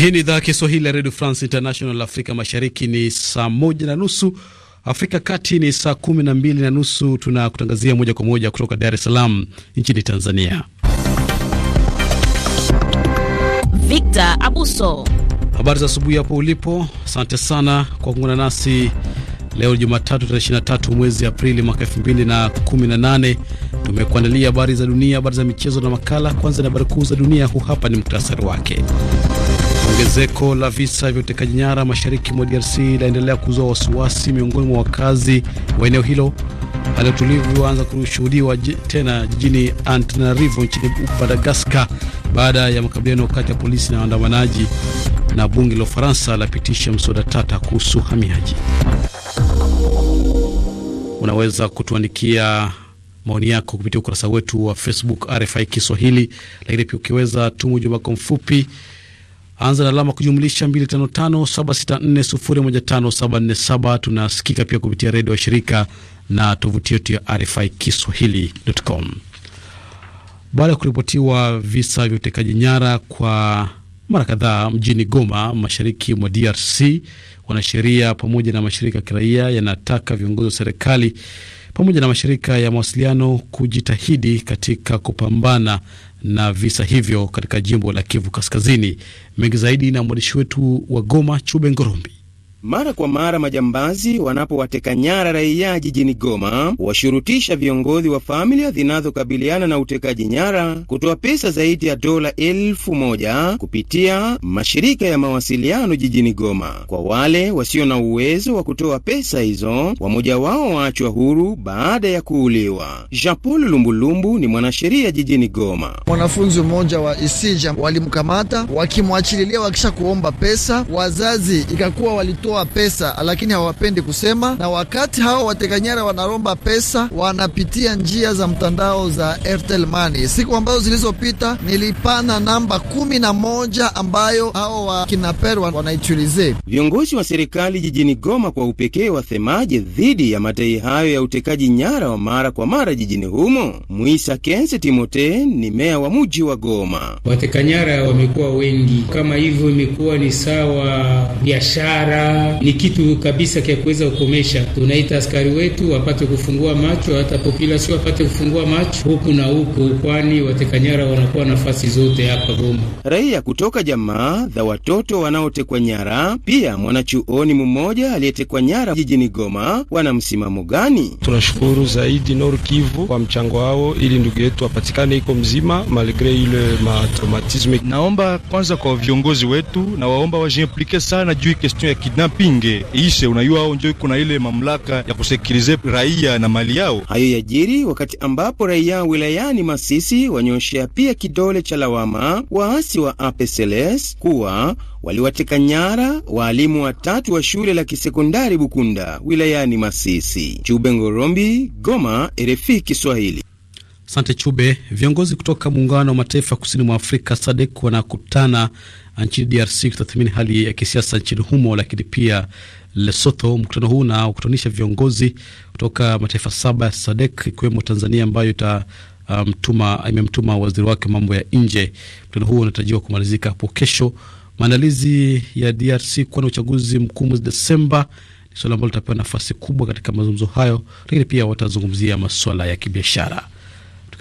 Hii ni idhaa ya Kiswahili ya redio France International. Afrika mashariki ni saa moja na nusu, Afrika kati ni saa kumi na mbili na nusu. Tunakutangazia moja kwa moja kutoka Dar es Salaam nchini Tanzania. Victor Abuso, habari za asubuhi hapo ulipo. Asante sana kwa kuungana nasi leo Jumatatu tarehe 23 mwezi Aprili mwaka 2018. Tumekuandalia habari za dunia, habari za michezo na makala. Kwanza ni habari kuu za dunia, huu hapa ni muktasari wake. Ongezeko la visa vya utekaji nyara mashariki mwa DRC laendelea kuzua wasiwasi miongoni mwa wakazi wa eneo hilo. Hali ya utulivu kushuhudiwa tena jijini Antananarivo nchini madagascar baada ya makabiliano kati ya polisi na waandamanaji. Na bunge la Ufaransa lapitisha mswada tata kuhusu uhamiaji. Unaweza kutuandikia maoni yako kupitia ukurasa wetu wa Facebook RFI Kiswahili, lakini pia ukiweza tumu ujumbe mfupi anza na alama kujumlisha 255764015747. Tunasikika pia kupitia redio ya shirika na tovuti yetu ya RFI Kiswahili.com. Baada ya kuripotiwa visa vya utekaji nyara kwa mara kadhaa mjini Goma, mashariki mwa DRC, wanasheria pamoja na mashirika ya kiraia yanataka viongozi wa serikali pamoja na mashirika ya mawasiliano kujitahidi katika kupambana na visa hivyo katika jimbo la Kivu Kaskazini. Mengi zaidi na mwandishi wetu wa Goma, Chube Ngorombi. Mara kwa mara majambazi wanapowateka nyara raia jijini Goma washurutisha viongozi wa familia zinazokabiliana na utekaji nyara kutoa pesa zaidi ya dola elfu moja kupitia mashirika ya mawasiliano jijini Goma. Kwa wale wasio na uwezo wa kutoa pesa hizo, wamoja wao waachwa huru baada ya kuuliwa. Jean Paul Lumbulumbu ni mwanasheria jijini Goma. Mwanafunzi mmoja wa Isija walimkamata wakimwachililia, wakisha kuomba pesa wazazi ikakuwa walitoa wanatoa pesa, lakini hawapendi kusema. Na wakati hao watekanyara wanaromba pesa, wanapitia njia za mtandao za Airtel Money. Siku ambazo zilizopita nilipana namba kumi na moja ambayo hao wakinaper wanaitulize. Viongozi wa serikali jijini Goma kwa upekee wasemaje dhidi ya madai hayo ya utekaji nyara wa mara kwa mara jijini humo? Mwisa Kense Timote ni meya wa muji wa Goma. Watekanyara wamekuwa wengi, kama hivyo imekuwa ni sawa biashara ni kitu kabisa kya kuweza kukomesha. Tunaita askari wetu wapate kufungua macho, hata populasio wapate kufungua macho huku na huku, kwani watekanyara wanakuwa nafasi zote hapa Goma. Raia kutoka jamaa za watoto wanaotekwa nyara, pia mwanachuoni mmoja aliyetekwa nyara jijini Goma, wana msimamo gani? Tunashukuru zaidi Nord Kivu kwa mchango wao ili ndugu yetu apatikane iko mzima malgre ile matraumatisme. Naomba kwanza kwa viongozi wetu, na waomba wajiimplike sana juu ya question ya kidnap pinge ishe, unajua hao ndio kuna ile mamlaka ya kusekirize raia na mali yao. Hayo yajiri wakati ambapo raia wilayani Masisi wanyoshea pia kidole cha lawama waasi wa APCLS kuwa waliwateka nyara waalimu watatu wa shule la kisekondari Bukunda wilayani Masisi. Chube Ngorombi, Goma, RFI Kiswahili. Asante Chube. Viongozi kutoka muungano wa mataifa kusini mwa Afrika SADC wanakutana nchini DRC kutathmini hali ya kisiasa nchini humo, lakini pia Lesotho. Mkutano huu unakutanisha viongozi kutoka mataifa saba ya SADC ikiwemo Tanzania ambayo ita mtuma um, imemtuma waziri wake mambo ya nje. Mkutano huo unatarajiwa kumalizika hapo kesho. Maandalizi ya DRC kuwa na uchaguzi mkuu mwezi Desemba ni suala ambalo litapewa nafasi kubwa katika mazungumzo hayo, lakini pia watazungumzia masuala ya kibiashara.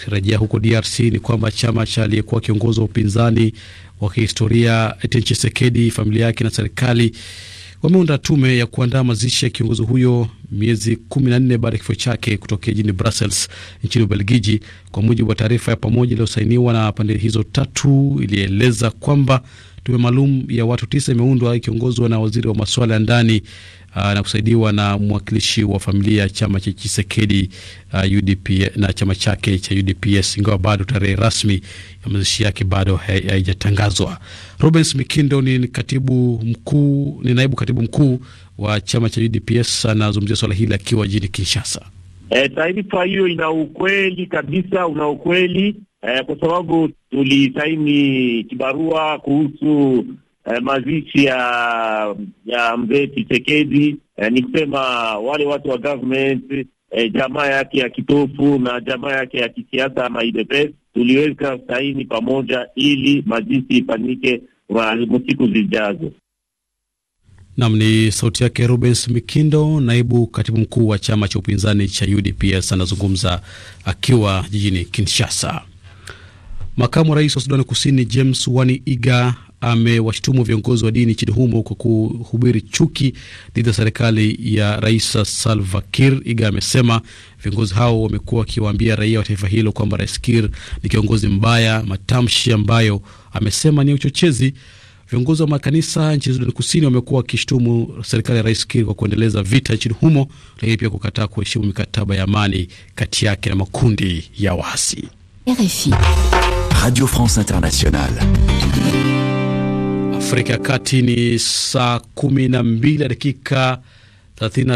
Tukirejea huko DRC ni kwamba chama cha aliyekuwa kiongozi wa upinzani wa kihistoria Etienne Tshisekedi, familia yake na serikali wameunda tume ya kuandaa mazishi ya kiongozi huyo miezi 14 baada ya kifo chake kutokea jijini Brussels nchini Ubelgiji. Kwa mujibu wa taarifa ya pamoja iliyosainiwa na pande hizo tatu, ilieleza kwamba tume maalum ya watu tisa imeundwa ikiongozwa na waziri wa masuala ya ndani uh, na kusaidiwa na mwakilishi wa familia ya chama cha Chisekedi uh, ah, UDP na chama chake cha UDPS, ingawa bado tarehe rasmi ya mazishi yake bado haijatangazwa. robens Mikindo ni katibu mkuu, ni naibu katibu mkuu wa chama cha UDPS, anazungumzia swala hili akiwa jijini Kinshasa. E, taarifa hiyo ina ukweli kabisa, una ukweli e, kwa sababu tulisaini kibarua kuhusu eh, mazishi ya ya mzee Tshisekedi eh, ni kusema wale watu wa government eh, jamaa yake ya kitofu na jamaa yake ya kisiasa ama tuliweka saini pamoja ili mazishi ifanyike siku zijazo. Nam ni sauti yake Rubens Mikindo, naibu katibu mkuu wa chama cha upinzani cha UDPS, anazungumza akiwa jijini Kinshasa. Makamu wa rais wa Sudani Kusini James Wani Iga amewashtumu viongozi wa dini nchini humo kwa kuhubiri chuki dhidi ya serikali ya Rais Salva Kiir. Iga amesema viongozi hao wamekuwa wakiwaambia raia wa taifa hilo kwamba Rais Kiir ni kiongozi mbaya, matamshi ambayo amesema ni uchochezi. Viongozi wa makanisa nchini Sudani Kusini wamekuwa wakishtumu serikali ya Rais Kiir kwa kuendeleza vita nchini humo, lakini pia kukataa kuheshimu mikataba ya amani kati yake na makundi ya waasi. RFI Radio France Internationale Afrika ya Kati ni saa kumi na mbili dakika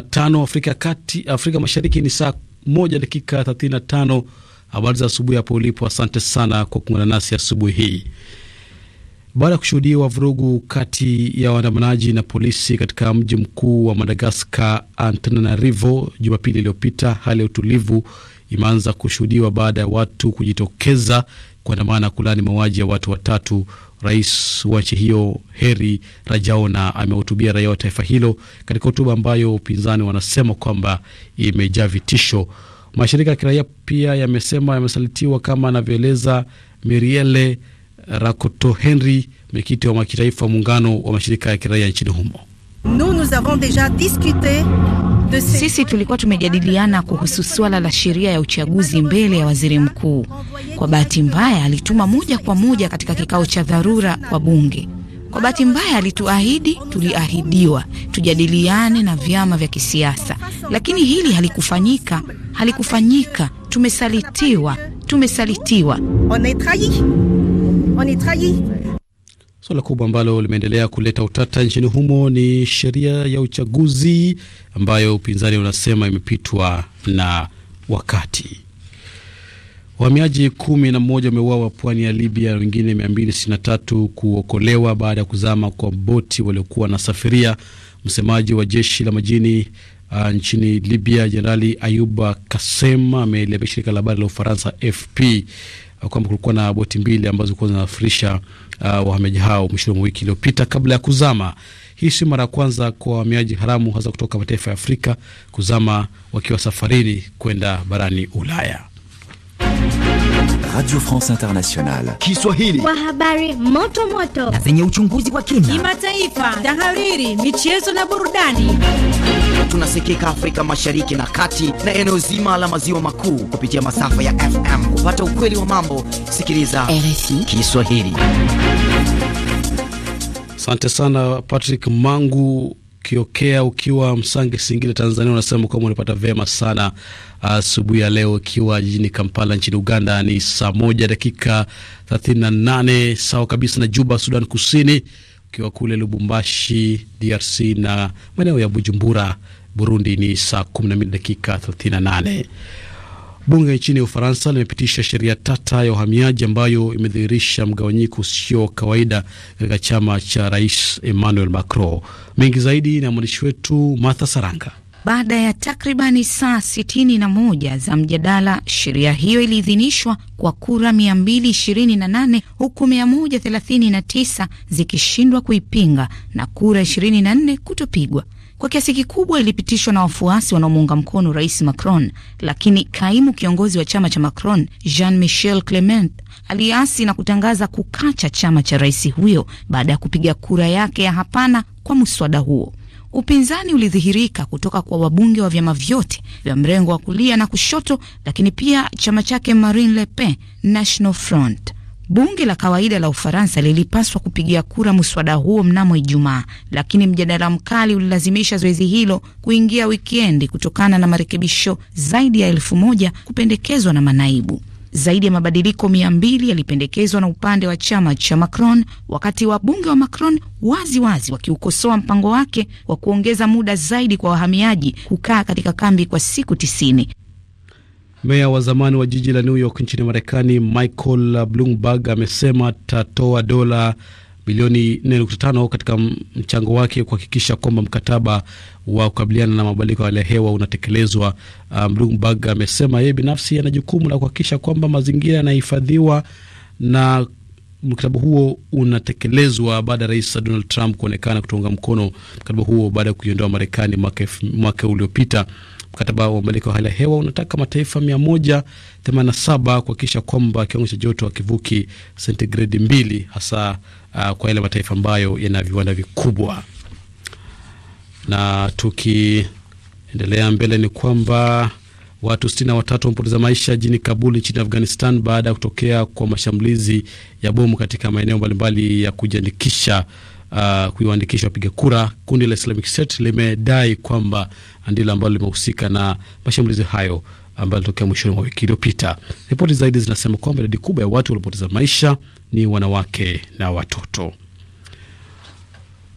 tano. Afrika Kati, Afrika Mashariki ni saa moja dakika 35. Habari za asubuhi hapo ulipo, asante sana kwa kuungana nasi asubuhi hii. Baada ya kushuhudiwa vurugu kati ya waandamanaji na polisi katika mji mkuu wa Madagaskar, Antananarivo, Jumapili iliyopita, hali ya utulivu imeanza kushuhudiwa baada ya watu kujitokeza kuandamana kulani mauaji ya watu watatu Rais wa nchi hiyo Heri Rajaona amehutubia raia wa taifa hilo katika hotuba ambayo upinzani wanasema kwamba imejaa vitisho. Mashirika ya kiraia pia yamesema yamesalitiwa, kama anavyoeleza Miriele Rakoto Henry, mwenyekiti wa kitaifa muungano wa mashirika ya kiraia nchini humo. Nous, nous avons sisi tulikuwa tumejadiliana kuhusu suala la sheria ya uchaguzi mbele ya waziri mkuu. Kwa bahati mbaya, alituma moja kwa moja katika kikao cha dharura kwa bunge. Kwa bahati mbaya, alituahidi, tuliahidiwa tujadiliane na vyama vya kisiasa, lakini hili halikufanyika, halikufanyika. Tumesalitiwa, tumesalitiwa. On est trahi. On est trahi. Suala kubwa ambalo limeendelea kuleta utata nchini humo ni sheria ya uchaguzi ambayo upinzani unasema imepitwa na wakati. Wahamiaji kumi na mmoja wameuawa pwani ya Libya, wengine 263 kuokolewa baada ya kuzama kwa boti waliokuwa wanasafiria. Msemaji wa jeshi la majini uh, nchini Libya Jenerali Ayuba Kasem ameliambia shirika la habari la Ufaransa FP kwamba kulikuwa na boti mbili ambazo zilikuwa zinasafirisha uh, wahamiaji hao mwishoni mwa wiki iliyopita kabla ya kuzama. Hii si mara ya kwanza kwa wahamiaji haramu hasa kutoka mataifa ya Afrika kuzama wakiwa safarini kwenda barani Ulaya. Radio France Internationale Kiswahili, kwa habari moto moto na zenye uchunguzi wa kina, kimataifa, tahariri, michezo na burudani tunasikika Afrika Mashariki na Kati na eneo zima la maziwa makuu kupitia masafa ya FM. Kupata ukweli wa mambo, sikiliza RFI Kiswahili. Asante sana Patrick Mangu Kiokea, ukiwa Msange, Singida, Tanzania, unasema kwamba unapata vyema sana asubuhi uh, ya leo, ikiwa jijini Kampala nchini Uganda ni saa moja dakika 38 sawa kabisa na Juba, Sudan Kusini ukiwa kule Lubumbashi DRC na maeneo ya Bujumbura Burundi ni saa 12 dakika 38. Bunge nchini Ufaransa limepitisha sheria tata ya uhamiaji ambayo imedhihirisha mgawanyiko usio wa kawaida katika chama cha Rais Emmanuel Macron. Mengi zaidi na mwandishi wetu Martha Saranga. Baada ya takribani saa sitini na moja za mjadala, sheria hiyo iliidhinishwa kwa kura 228 huku 139 zikishindwa kuipinga na kura 24 kutopigwa. Kwa kiasi kikubwa ilipitishwa na wafuasi wanaomuunga mkono Rais Macron, lakini kaimu kiongozi wa chama cha Macron Jean Michel Clement aliasi na kutangaza kukacha chama cha rais huyo baada ya kupiga kura yake ya hapana kwa mswada huo. Upinzani ulidhihirika kutoka kwa wabunge wa vyama vyote vya mrengo wa kulia na kushoto, lakini pia chama chake Marine Le Pen National Front. Bunge la kawaida la Ufaransa lilipaswa kupigia kura mswada huo mnamo Ijumaa, lakini mjadala mkali ulilazimisha zoezi hilo kuingia wikendi kutokana na marekebisho zaidi ya elfu moja kupendekezwa na manaibu. Zaidi ya mabadiliko mia mbili yalipendekezwa na upande wa chama cha Macron, wakati wabunge wa Macron wazi wazi wakiukosoa mpango wake wa kuongeza muda zaidi kwa wahamiaji kukaa katika kambi kwa siku tisini. Meya wa zamani wa jiji la New York nchini Marekani, Michael Bloomberg amesema atatoa dola bilioni 4.5 katika mchango wake kuhakikisha kwamba mkataba wa kukabiliana na mabadiliko ya hali ya hewa unatekelezwa. Ah, um, Bloomberg amesema yeye binafsi ana jukumu la kuhakikisha kwamba mazingira yanahifadhiwa na mkataba huo unatekelezwa baada ya rais Donald Trump kuonekana kutunga mkono mkataba huo baada ya kujiondoa Marekani mwaka uliopita. Mkataba wa mabadiliko ya hali ya hewa unataka mataifa 187 kuhakikisha kwamba kiwango cha joto hakivuki sentigredi mbili, hasa uh, kwa yale mataifa ambayo yana viwanda vikubwa. Na tukiendelea mbele ni kwamba watu 63 wamepoteza maisha jini Kabul nchini Afghanistan baada ya kutokea kwa mashambulizi ya bomu katika maeneo mbalimbali ya kujiandikisha Uh, kuiwaandikisha wapiga kura. Kundi la Islamic State limedai kwamba ndilo ambalo limehusika na mashambulizi hayo ambayo yalitokea mwishoni mwa wiki iliyopita. Ripoti zaidi zinasema kwamba idadi kubwa ya watu waliopoteza maisha ni wanawake na watoto.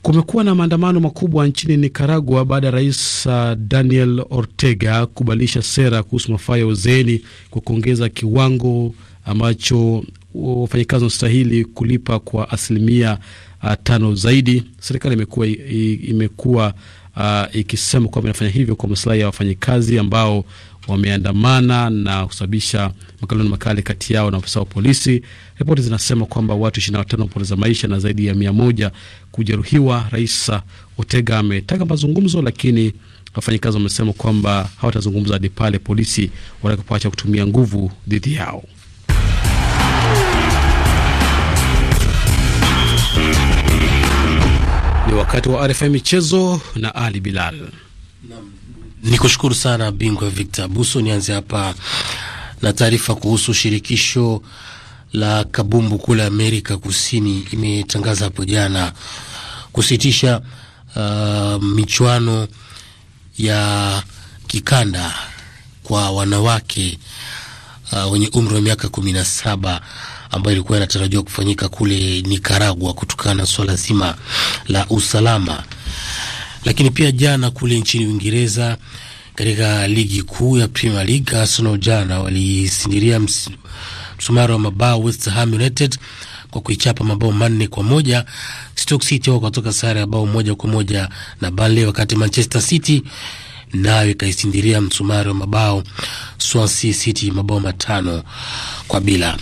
Kumekuwa na maandamano makubwa nchini Nicaragua baada ya rais uh, Daniel Ortega kubadilisha sera kuhusu mafaa ya uzeeni kwa kuongeza kiwango ambacho wafanyakazi wanastahili kulipa kwa asilimia uh, tano zaidi. Serikali imekuwa imekuwa uh, ikisema kwamba inafanya hivyo kwa masilahi ya wafanyakazi ambao wameandamana na kusababisha makaloni makali kati yao na afisa wa polisi. Ripoti zinasema kwamba watu 25 wamepoteza maisha na zaidi ya mia moja kujeruhiwa. Rais Otega ametaka mazungumzo, lakini wafanyikazi wamesema kwamba hawatazungumza hadi pale polisi watakapoacha kutumia nguvu dhidi yao. Ni wakati wa RFM michezo na Ali Bilal. Naam. Ni kushukuru sana bingwa Victor Abuso. Nianze hapa na taarifa kuhusu shirikisho la kabumbu kule Amerika Kusini imetangaza hapo jana kusitisha uh, michuano ya kikanda kwa wanawake uh, wenye umri wa miaka kumi na saba ambayo ilikuwa inatarajiwa kufanyika kule Nikaragua kutokana na suala zima la usalama. Lakini pia jana kule nchini Uingereza katika ligi kuu ya Premier League, Arsenal jana walisindiria msumari wa mabao West Ham United kwa kuichapa mabao manne kwa moja. Stoke City kutoka sare ya bao moja kwa moja na Burnley, wakati Manchester City nayo ikaisindiria msumari wa mabao Swansea City mabao matano kwa bila.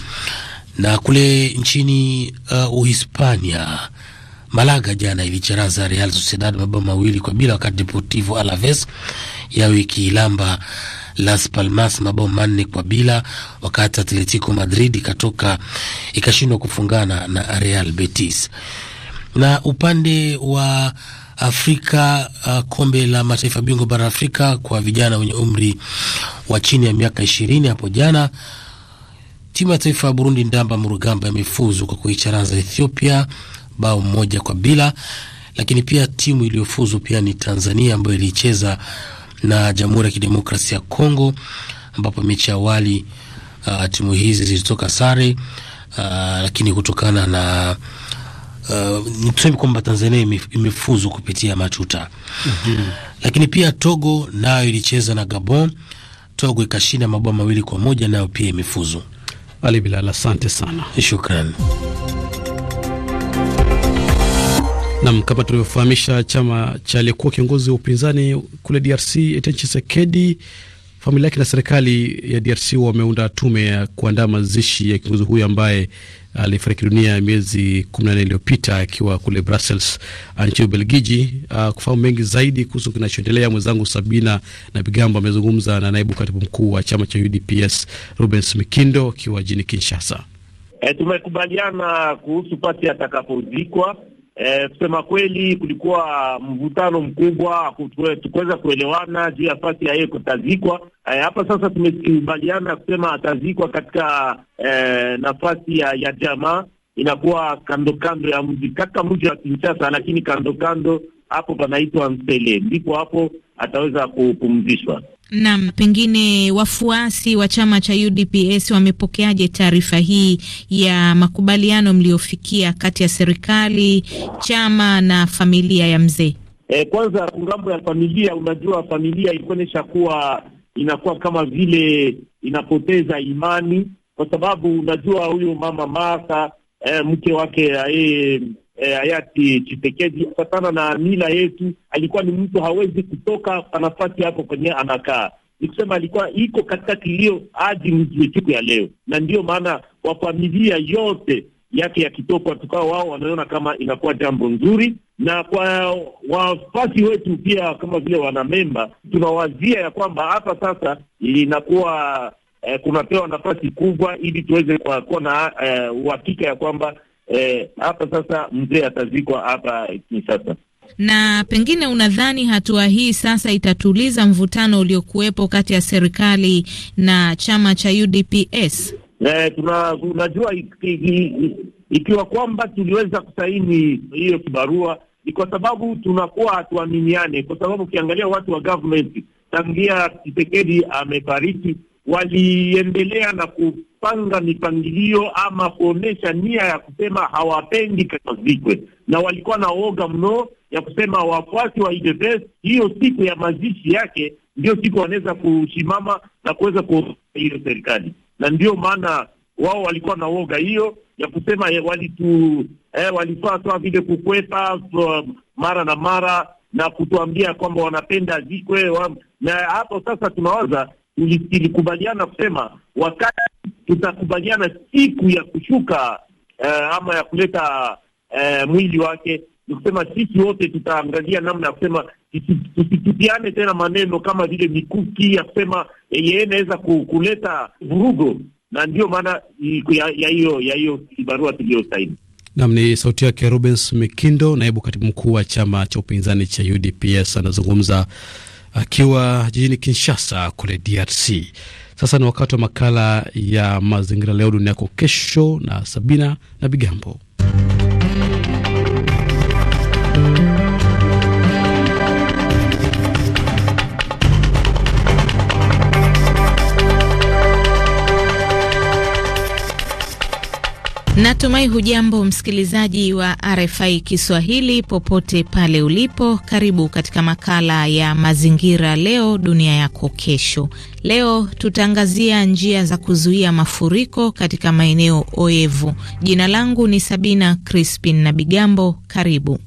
Na kule nchini uh, Uhispania Malaga jana ilicharaza Real Sociedad mabao mawili kwa bila, wakati Deportivo Alaves yao ikiilamba Las Palmas mabao manne kwa bila, wakati Atletico Madrid ikatoka ikashindwa kufungana na Real Betis. Na upande wa Afrika uh, kombe la mataifa bingwa bara Afrika kwa vijana wenye umri wa chini ya miaka ishirini hapo jana timu ya taifa ya Burundi Ndamba Murugamba imefuzu kwa kuicharaza Ethiopia bao moja kwa bila, lakini pia timu iliyofuzu pia ni Tanzania ambayo ilicheza na Jamhuri ya Kidemokrasia ya Kongo ambapo mechi awali uh, timu hizi zilitoka sare uh, lakini kutokana na Uh, ni kwamba Tanzania imefuzu kupitia matuta mm -hmm. Lakini pia Togo nayo ilicheza na Gabon, Togo ikashinda mabao mawili kwa moja, nayo pia imefuzu. Ali Bilal, asante sana, shukran. Nam, kama tulivyofahamisha, chama cha aliyekuwa kiongozi wa upinzani kule DRC Etienne Tshisekedi, familia yake na serikali ya DRC wameunda tume ya kuandaa mazishi ya kiongozi huyo ambaye alifariki dunia miezi 14 iliyopita akiwa kule Brussels nchini Ubelgiji. Uh, kufahamu mengi zaidi kuhusu kinachoendelea, mwenzangu Sabina na Bigambo amezungumza na naibu katibu mkuu wa chama cha UDPS Rubens Mikindo akiwa jini Kinshasa. E, tumekubaliana kuhusu pati atakapozikwa Eh, kusema kweli kulikuwa mvutano mkubwa, tukuweza kuelewana juu ya fasi ya yeye kutazikwa. Eh, hapa sasa tumekubaliana kusema atazikwa katika eh, nafasi ya, ya jamaa inakuwa kando kando ya mji katika mji wa Kinshasa, lakini kando kando hapo panaitwa msele ndipo hapo ataweza kupumzishwa. Nam, pengine wafuasi wa chama cha UDPS wamepokeaje taarifa hii ya makubaliano mliofikia kati ya serikali, chama na familia ya mzee? E, kwanza ngambo ya familia, unajua familia ikuonyesha kuwa inakuwa kama vile inapoteza imani, kwa sababu unajua huyu mama Martha e, mke wake yeye eh, Eh, hayati eh, Chisekedi kufatana na mila yetu, alikuwa ni mtu hawezi kutoka nafasi hapo kwenye anakaa ni kusema alikuwa iko katika kilio hadi siku ya leo, na ndiyo maana kwa familia yote yake ya kitoko tukao wao wanaona kama inakuwa jambo nzuri, na kwa wafasi wetu pia kama vile wanamemba tunawazia ya kwamba hapa sasa inakuwa eh, kunapewa nafasi kubwa ili tuweze kuwa na eh, uhakika eh, ya kwamba eh, hapa sasa mzee atazikwa hapa Kinshasa. Na pengine unadhani hatua hii sasa itatuliza mvutano uliokuwepo kati ya serikali na chama cha UDPS? Eh, tunajua ikiwa kwamba tuliweza kusaini hiyo kibarua ni kwa sababu tunakuwa hatuaminiane, kwa sababu ukiangalia watu wa government tangia Tshisekedi amefariki waliendelea na ku kupanga mipangilio ama kuonesha nia ya kusema hawapendi kazikwe, na walikuwa na uoga mno ya kusema wafuasi wa UDPS hiyo siku ya mazishi yake ndio siku wanaweza kusimama na kuweza kuongoza hiyo serikali, na ndio maana wao walikuwa na uoga hiyo ya kusema eh, walitu eh, walifaa toa vile kukwepa um, mara na mara na kutuambia kwamba wanapenda zikwe wa, na hapo sasa tunawaza tulikubaliana kusema wakati tutakubaliana siku ya kushuka uh, ama ya kuleta uh, mwili wake. Ni kusema sisi wote tutaangalia namna ya kusema tusitupiane tena maneno kama vile mikuki ya kusema eh, yeye inaweza kuleta vurugo, na ndiyo maana ya hiyo ya hiyo kibarua tuliyosaini. Nam ni sauti yake Rubens Mikindo, naibu katibu mkuu wa chama cha upinzani cha UDPS, anazungumza akiwa jijini Kinshasa kule DRC. Sasa ni wakati wa makala ya mazingira, leo dunia yako kesho, na Sabina na Bigambo. Natumai hujambo msikilizaji wa RFI Kiswahili popote pale ulipo. Karibu katika makala ya mazingira leo dunia yako kesho. Leo tutaangazia njia za kuzuia mafuriko katika maeneo oevu. Jina langu ni Sabina Crispin na Bigambo. Karibu.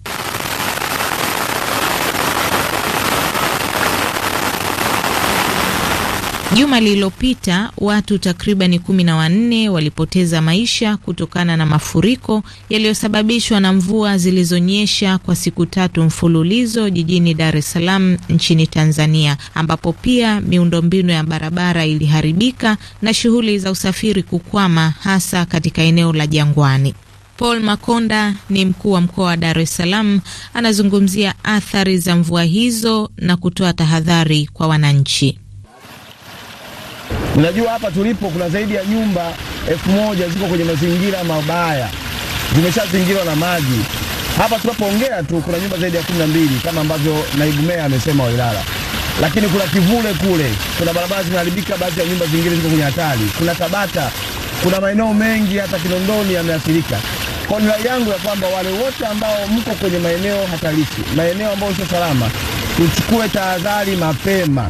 Juma lililopita watu takribani kumi na wanne walipoteza maisha kutokana na mafuriko yaliyosababishwa na mvua zilizonyesha kwa siku tatu mfululizo jijini Dar es Salaam nchini Tanzania, ambapo pia miundombinu ya barabara iliharibika na shughuli za usafiri kukwama, hasa katika eneo la Jangwani. Paul Makonda ni mkuu wa mkoa wa Dar es Salaam, anazungumzia athari za mvua hizo na kutoa tahadhari kwa wananchi. Unajua hapa tulipo kuna zaidi ya nyumba elfu moja ziko kwenye mazingira mabaya, zimeshazingirwa na maji. Hapa tunapoongea tu kuna nyumba zaidi ya kumi na mbili kama ambavyo naibu meya amesema wa Ilala, lakini kuna Kivule kule, kuna barabara zinaharibika, baadhi ya nyumba zingine ziko kwenye hatari, kuna Tabata, kuna maeneo mengi hata Kinondoni yameathirika. Kwa rai yangu ya kwamba wale wote ambao mko kwenye maeneo hatarishi, maeneo ambayo sio salama, tuchukue tahadhari mapema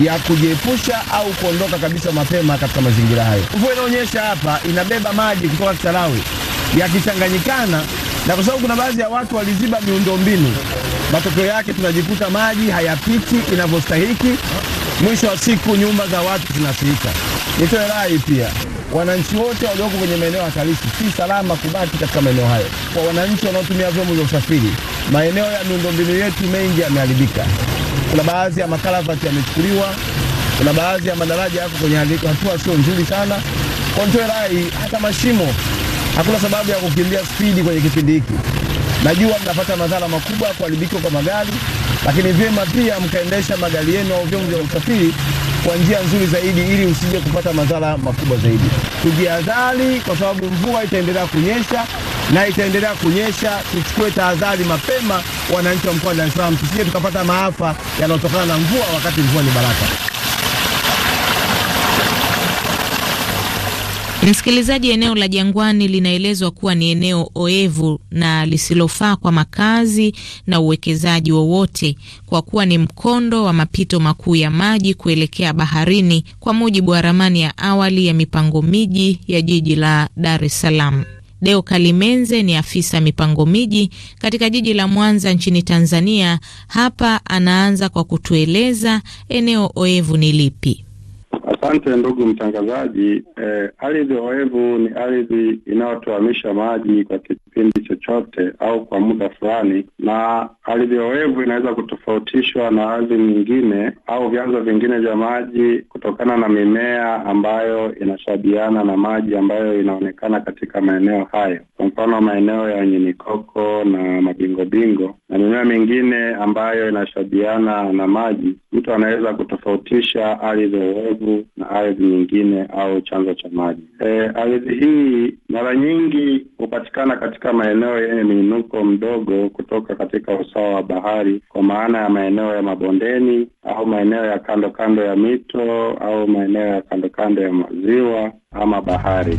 ya kujiepusha au kuondoka kabisa mapema katika mazingira hayo. Mvua inaonyesha hapa inabeba maji kutoka Kisarawe yakichanganyikana na kwa sababu kuna baadhi ya watu waliziba miundombinu, matokeo yake tunajikuta maji hayapiti inavyostahiki. Mwisho wa siku nyumba za watu zinafurika. Nitoe rai pia, wananchi wote walioko kwenye maeneo hatarishi, si salama kubaki katika maeneo hayo. Kwa wananchi wanaotumia vyombo vya usafiri, maeneo ya miundombinu yetu mengi yameharibika. Kuna baadhi ya makalavati yamechukuliwa, kuna baadhi ya madaraja yako kwenye hatua sio nzuri sana. Kontoe rai, hata mashimo, hakuna sababu ya kukimbia spidi kwenye kipindi hiki. Najua mnapata madhara makubwa, kuharibika kwa magari, lakini vyema pia mkaendesha magari yenu au vyombo vya usafiri kwa njia nzuri zaidi, ili usije kupata madhara makubwa zaidi. Tujihadhari, kwa sababu mvua itaendelea kunyesha na itaendelea kunyesha tuchukue tahadhari mapema, wananchi wa mkoa wa Dar es Salaam, tusije tukapata maafa yanayotokana na mvua, wakati mvua ni baraka. Msikilizaji, eneo la Jangwani linaelezwa kuwa ni eneo oevu na lisilofaa kwa makazi na uwekezaji wowote kwa kuwa ni mkondo wa mapito makuu ya maji kuelekea baharini, kwa mujibu wa ramani ya awali ya mipango miji ya jiji la Dar es Salaam. Deo Kalimenze ni afisa mipango miji katika jiji la Mwanza nchini Tanzania. Hapa anaanza kwa kutueleza eneo oevu ni lipi. Asante ndugu mtangazaji. Eh, ardhi oevu ni ardhi inayotuamisha maji kwa kipindi chochote au kwa muda fulani, na ardhi oevu inaweza kutofautishwa na ardhi nyingine au vyanzo vingine vya maji kutokana na mimea ambayo inashabiana na maji ambayo inaonekana katika maeneo hayo, kwa mfano maeneo yenye mikoko na mabingobingo na mimea mingine ambayo inashabiana na maji. Mtu anaweza kutofautisha ardhi oevu na ardhi nyingine au chanzo cha maji. E, ardhi hii mara nyingi hupatikana katika maeneo yenye miinuko mdogo kutoka katika usawa wa bahari, kwa maana ya maeneo ya mabondeni au maeneo ya kando kando ya mito au maeneo ya kando kando ya maziwa ama bahari.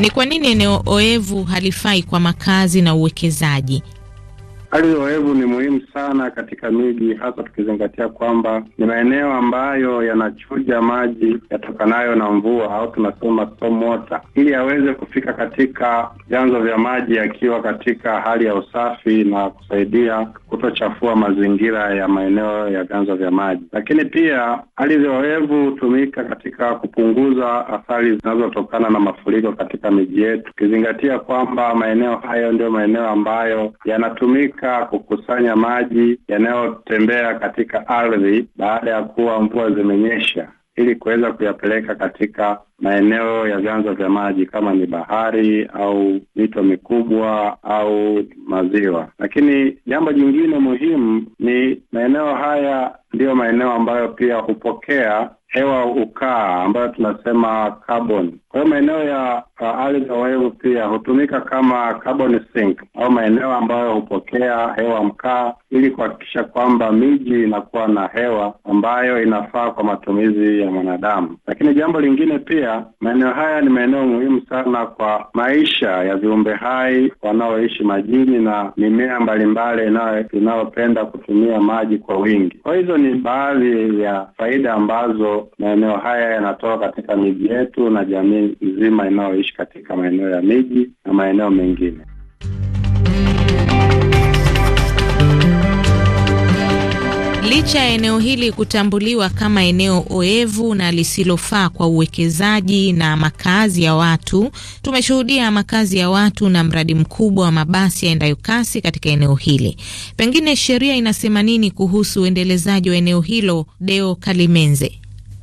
Ni kwa nini eneo oevu halifai kwa makazi na uwekezaji? Hali ya ni muhimu sana katika miji, hasa tukizingatia kwamba ni maeneo ambayo yanachuja maji yatokanayo na mvua au tunasema storm water, ili yaweze kufika katika vyanzo vya maji yakiwa katika hali ya usafi na kusaidia kutochafua mazingira ya maeneo ya vyanzo vya maji. Lakini pia hali ya hutumika katika kupunguza athari zinazotokana na mafuriko katika miji yetu, tukizingatia kwamba maeneo hayo ndio maeneo ambayo yanatumika katika kukusanya maji yanayotembea katika ardhi baada ya kuwa mvua zimenyesha ili kuweza kuyapeleka katika maeneo ya vyanzo vya maji kama ni bahari au mito mikubwa au maziwa. Lakini jambo jingine muhimu ni maeneo haya ndiyo maeneo ambayo pia hupokea hewa ukaa ambayo tunasema carbon. Kwa hiyo maeneo ya uh, ardhi oevu pia hutumika kama carbon sink au maeneo ambayo hupokea hewa mkaa ili kuhakikisha kwamba miji inakuwa na hewa ambayo inafaa kwa matumizi ya mwanadamu. Lakini jambo lingine pia, maeneo haya ni maeneo muhimu sana kwa maisha ya viumbe hai wanaoishi majini na mimea mbalimbali inayopenda kutumia maji kwa wingi. Kwa hizo ni baadhi ya faida ambazo maeneo haya yanatoa katika miji yetu na jamii nzima inayoishi katika maeneo ya miji na maeneo mengine. Licha ya eneo hili kutambuliwa kama eneo oevu na lisilofaa kwa uwekezaji na makazi ya watu, tumeshuhudia makazi ya watu na mradi mkubwa wa mabasi yaendayo kasi katika eneo hili. Pengine sheria inasema nini kuhusu uendelezaji wa eneo hilo? Deo Kalimenze.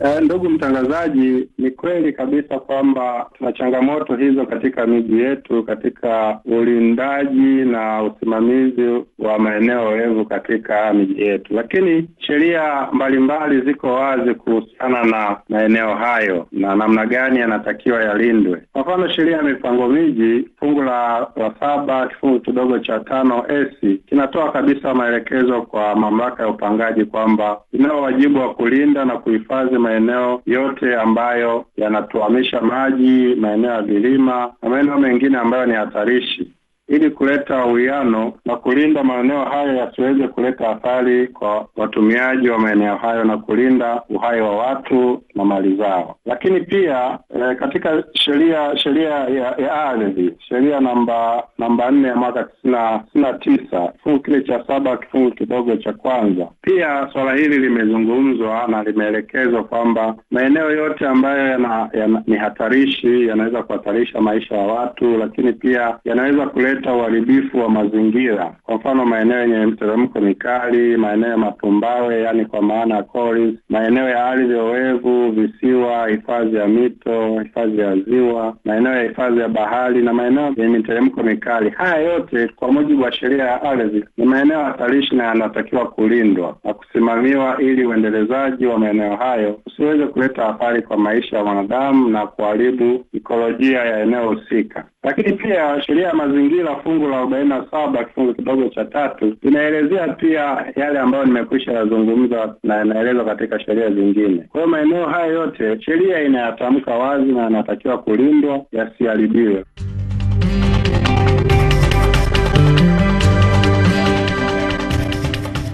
Eh, ndugu mtangazaji, ni kweli kabisa kwamba tuna changamoto hizo katika miji yetu katika ulindaji na usimamizi wa maeneo oevu katika miji yetu, lakini sheria mbalimbali ziko wazi kuhusiana na maeneo hayo na namna gani yanatakiwa yalindwe. Kwa mfano, sheria ya mipango miji fungu la la saba kifungu kidogo cha tano s kinatoa kabisa maelekezo kwa mamlaka ya upangaji kwamba inao wajibu wa kulinda na kuhifadhi maeneo yote ambayo yanatuamisha maji, maeneo ya vilima na maeneo mengine ambayo ni hatarishi ili kuleta uwiano na kulinda maeneo hayo yasiweze kuleta athari kwa watumiaji wa maeneo hayo na kulinda uhai wa watu na mali zao. Lakini pia e, katika sheria sheria ya, ya ardhi sheria namba namba nne ya mwaka tisini na tisa kifungu kile cha saba kifungu kidogo cha kwanza, pia swala hili limezungumzwa na limeelekezwa kwamba maeneo yote ambayo yana, yana, ni hatarishi yanaweza kuhatarisha maisha ya watu, lakini pia yanaweza kuleta kuleta uharibifu wa mazingira, kwa mfano maeneo yenye mteremko mikali, maeneo ya matumbawe, yaani kwa maana ya coral, maeneo ya ardhi oevu, visiwa, hifadhi ya mito, hifadhi ya ziwa, maeneo ya hifadhi ya bahari na maeneo yenye miteremko mikali. Haya yote kwa mujibu wa sheria ya ardhi ni maeneo hatarishi na yanatakiwa kulindwa na kusimamiwa ili uendelezaji wa maeneo hayo usiweze kuleta athari kwa maisha ya mwanadamu na kuharibu ikolojia ya eneo husika. Lakini pia sheria ya mazingira la fungu la arobaini na saba kifungu kidogo cha tatu inaelezea pia yale ambayo nimekwisha yazungumza na inaelezwa katika sheria zingine. Kwa hiyo maeneo haya yote sheria inayatamka wazi na yanatakiwa kulindwa yasiharibiwe.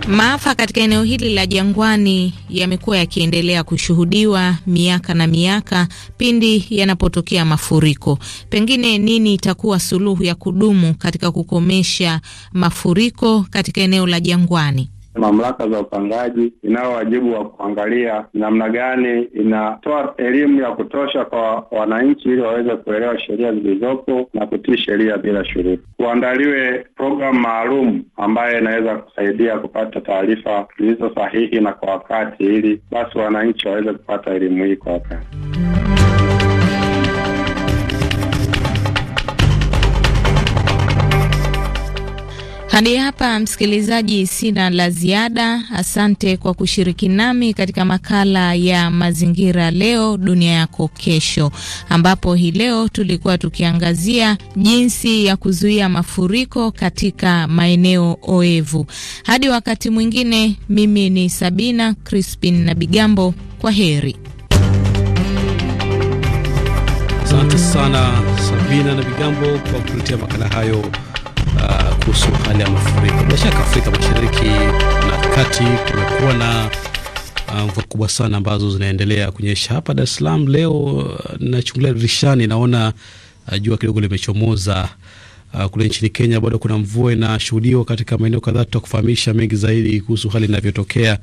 Maafa katika eneo hili la jangwani yamekuwa yakiendelea kushuhudiwa miaka na miaka pindi yanapotokea mafuriko. Pengine nini itakuwa suluhu ya kudumu katika kukomesha mafuriko katika eneo la jangwani? mamlaka za upangaji inayo wajibu wa kuangalia namna gani inatoa elimu ya kutosha kwa wananchi ili waweze kuelewa sheria zilizopo na kutii sheria bila shuruti. Kuandaliwe programu maalum ambayo inaweza kusaidia kupata taarifa zilizo sahihi na kwa wakati, ili basi wananchi waweze kupata elimu hii kwa wakati. Hadi hapa msikilizaji, sina la ziada. Asante kwa kushiriki nami katika makala ya mazingira leo dunia yako kesho, ambapo hii leo tulikuwa tukiangazia jinsi ya kuzuia mafuriko katika maeneo oevu. Hadi wakati mwingine, mimi ni Sabina Crispin na Bigambo, kwa heri. Asante sana Sabina na Bigambo kwa kutuletea makala hayo kuhusu hali ya mafuriko. Bila shaka Afrika Mashariki na Kati kumekuwa na uh, mvua uh, kubwa sana ambazo zinaendelea kunyesha. Hapa Dar es Salaam leo uh, nachungulia dirishani, naona uh, jua kidogo limechomoza. Uh, kule nchini Kenya bado kuna mvua inashuhudiwa katika maeneo kadhaa. Tutakufahamisha mengi zaidi kuhusu hali inavyotokea,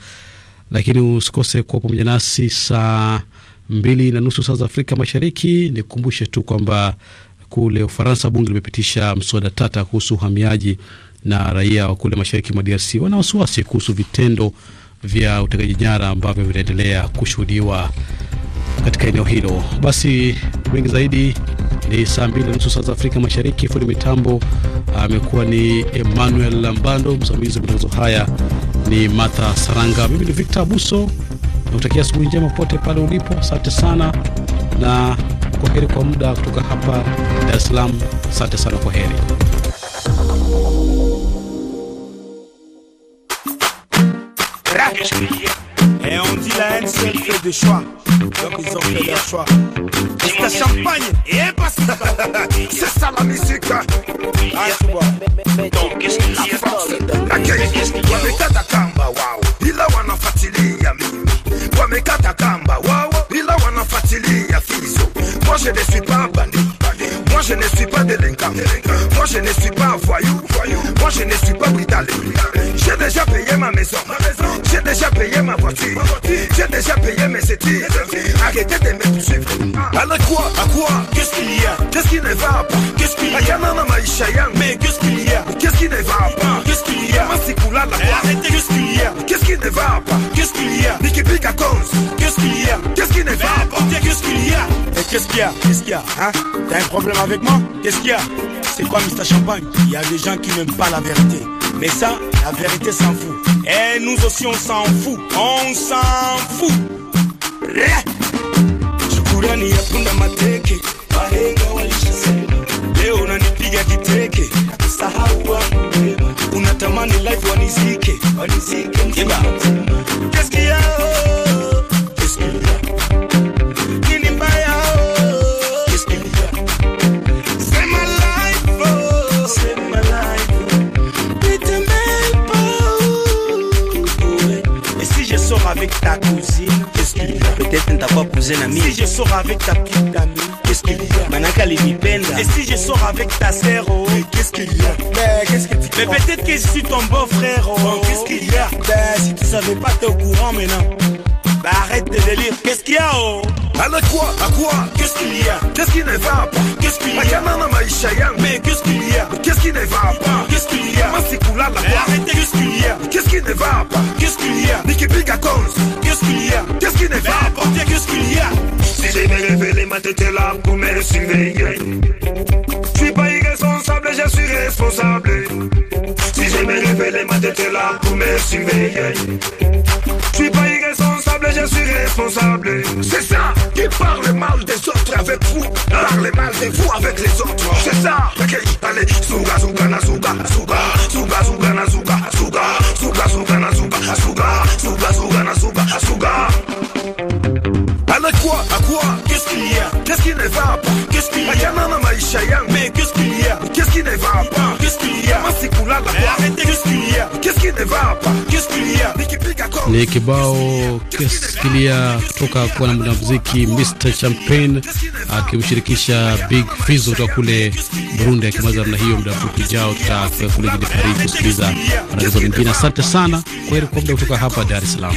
lakini usikose kuwa pamoja nasi saa mbili na nusu saa za Afrika Mashariki. Nikukumbushe tu kwamba kule Ufaransa, bunge limepitisha mswada tata kuhusu uhamiaji na raia wa kule mashariki mwa DRC wana wasiwasi kuhusu vitendo vya utekaji nyara ambavyo vinaendelea kushuhudiwa katika eneo hilo. Basi mengi zaidi ni saa mbili nusu saa za Afrika Mashariki. Fundi mitambo amekuwa ni Emmanuel Lambando, msimamizi wa matangazo haya ni Martha Saranga, mimi ni Victor Abuso, nakutakia asubuhi njema popote pale ulipo. Asante sana na Kwa heri kwa muda kutoka hapa Dar es Salaam. Asante sana, kwa heri. on dit la haine c'est fait des choix. Donc ils ont fait leur choix. C'est champagne et passe. c'est ça la musique. Donc qu'est-ce qu'il y a La gueule. Wamekata kamba wow. Ila wanafanya Moi je ne suis pas voyou, moi je ne suis pas brutal. J'ai déjà payé ma maison, j'ai déjà payé ma voiture, j'ai déjà payé mes études. Arrêtez de me poursuivre. Alors quoi, à quoi, qu'est-ce qu'il y a, qu'est-ce qui ne va pas, qu'est-ce qu'il y a, mais qu'est-ce qu'il y a, qu'est-ce qu'il ne va pas, qu'est-ce qu'il y a, c'est la eh, va Qu'est-ce qu'il y a Nicky pique à cause Qu'est-ce qu'il y a Qu'est-ce qui ne va pas Qu'est-ce qu'il y a Et qu'est-ce qu'il y a Qu'est-ce qu'il y a Hein T'as un problème avec moi Qu'est-ce qu'il y a C'est quoi Mr Champagne Il y a des gens qui n'aiment pas la vérité. Mais ça, la vérité s'en fout. Et eh, nous aussi on s'en fout. On s'en fout. shukurani ya punda mateke wahenga walishasema leo unanipiga kiteke sahau unatamani life wanizike wanizike je suis ton beau-frère. Oh. Bon, qu'est-ce qu'il y a Si tu savais pas, t'es au courant maintenant. Bah arrête de délire, qu'est-ce qu'il y a oh Ana quoi À quoi Qu'est-ce qu'il y a Qu'est-ce qui ne va pas Qu'est-ce qu'il y a Makanana maisha Yang Mais qu'est-ce qu'il y a Qu'est-ce qui ne va pas Qu'est-ce qu'il y a Masikula la Arrêtez Qu'est-ce qu'il y a Qu'est-ce qui ne va pas Qu'est-ce qu'il y a biga Qu'est-ce qu'il y a Qu'est-ce qui ne va pas Qu'est-ce qu'il y a Si j'ai me révélé ma tête est là pour me surveiller Je suis pas irresponsable, je suis responsable les m'aider là pour me surveiller. Je suis pas irresponsable, je suis responsable. C'est ça qui parle mal des autres avec vous. Parle mal de vous avec les autres. C'est ça. Ok, allez, souga, souga, na souga, souga, souga, souga, na souga, souga, souga, souga, na souga, souga, souga, souga, na quoi, à quoi, qu'est-ce qu'il y a, qu'est-ce qui ne va pas, qu'est-ce qu'il y a, mais qu'est-ce qu'il y a, qu'est-ce qui ne va pas, qu'est-ce qu'il y a, Masikula, la eh, arrêtez, ni kibao kesikilia kutoka kwa mwanamuziki Mr Champagne akimshirikisha Big Fizzo kutoka kule Burundi. Akimaliza namna hiyo, muda mfupi ujao tutakuwa kule jini Paris kusikiliza matangazo mengine. Asante sana, heri kwa muda kutoka hapa Dar es Salaam.